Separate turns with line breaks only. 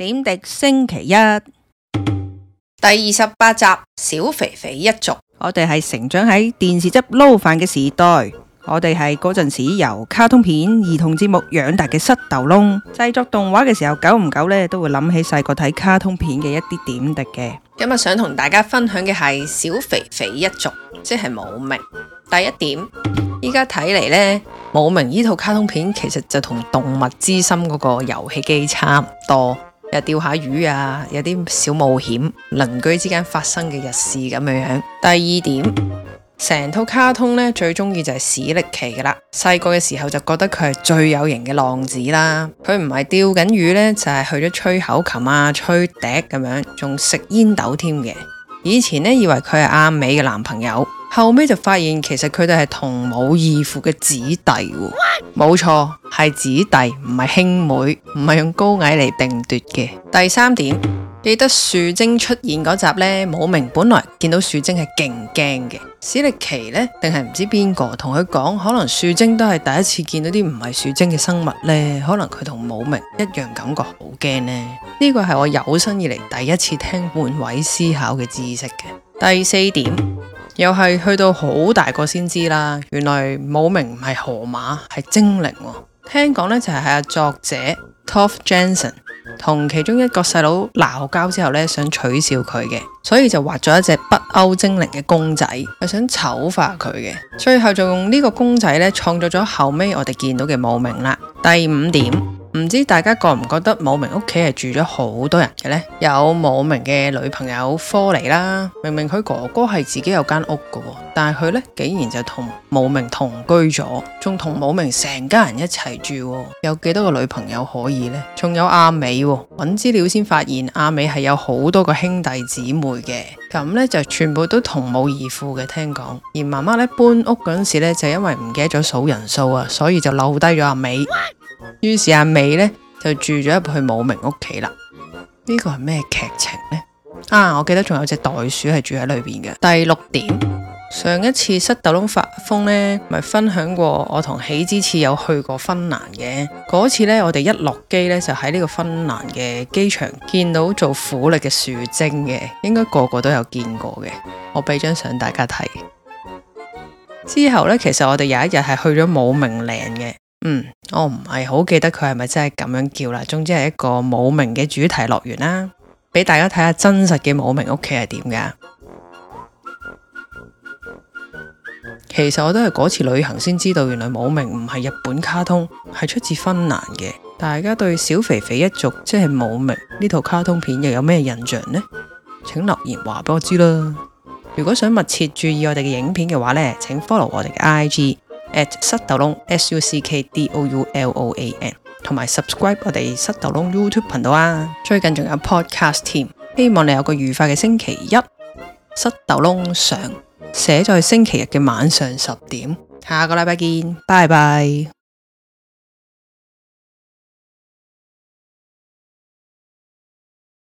點滴星期一第二十八集《小肥肥一族》， 我哋係成長喺電視汁撈飯嘅時代，我哋係嗰陣時由卡通片、兒童節目養大嘅塞豆窿。製作動畫嘅時候，久唔久呢，都會諗起細個睇卡通片嘅一啲點滴嘅。今日想同大家分享嘅係《小肥肥一族》，即係冇名。第一點，依家睇嚟呢《冇名》呢套卡通片其實就同《動物之心》嗰個遊戲機差唔多。又釣下魚啊，有啲小冒險，鄰居之間發生嘅日事咁樣。第二點，成套卡通呢最中意就係史力奇噶啦。細個嘅時候就覺得佢係最有型嘅浪子啦。佢唔係釣緊魚咧，就係、是、去咗吹口琴啊、吹笛咁樣，仲食煙斗添嘅。以前呢，以為佢係阿美嘅男朋友。後尾就發現，其實佢哋係同母異父嘅子弟，冇錯係子弟，唔係兄妹，唔係用高矮嚟定奪嘅。第三點，記得樹精出現嗰集呢，姆明本來見到樹精係勁驚嘅，史力奇呢，定係唔知邊個同佢講，可能樹精都係第一次見到啲唔係樹精嘅生物呢，可能佢同姆明一樣感覺好驚呢。呢個係我有生以來第一次聽換位思考嘅知識嘅。第四點。又係去到好大個先知啦，原來冇名唔係河馬，係精靈，哦。聽講咧就係阿作者 Tove Jansson 同其中一個細佬鬧交之後咧，想取笑佢嘅，所以就畫咗一隻北歐精靈嘅公仔，係想醜化佢嘅。最後就用呢個公仔呢，創作咗後尾我哋見到嘅冇名啦。第五點。唔知大家覺唔覺得冇名屋企係住咗好多人嘅咧？有冇名嘅女朋友科尼啦，明明佢哥哥係自己有間屋嘅，但係佢咧竟然就同冇名同居咗，仲同冇名成家人一齊住，哦，有幾多個女朋友可以咧？仲有阿美，哦，揾資料先發現阿美係有好多個兄弟姊妹嘅，咁咧就全部都同母異父嘅，聽講。而媽媽咧搬屋嗰陣時咧就因為唔記得咗數人數啊，所以就漏低咗阿美。於是阿美呢，就住咗入去姆明屋企啦。呢個係咩劇情呢？啊，我記得仲有隻袋鼠係住喺裏邊嘅。第六點，上一次塞豆窿發瘋呢，咪分享過我同喜之次有去過芬蘭嘅。嗰次呢，我哋一落機呢，就喺呢個芬蘭嘅機場見到做苦力嘅樹精嘅，應該個個都有見過嘅。我俾張相大家睇。之後呢，其實我哋有一日係去咗姆明嶺嘅。嗯，我唔係好記得佢係咪真係咁樣叫啦。總之係一個冇名嘅主題樂園啦。俾大家睇下真實嘅冇名屋企係點㗎。其實我都係嗰次旅行先知道，原來冇名唔係日本卡通，係出自芬蘭嘅。大家對小肥肥一族即係冇名呢套卡通片又有咩印象呢？請留言話俾我知啦。如果想密切注意我哋嘅影片嘅話呢，請 follow 我哋嘅 IG。at 塞豆窿 s u c k d o u l o a n 同埋 subscribe 我哋塞豆窿 YouTube 頻道啊，最近仲有 podcast 添，希望你有個愉快嘅星期一，塞豆窿上寫在星期日嘅晚上十點，下個禮拜見，拜拜。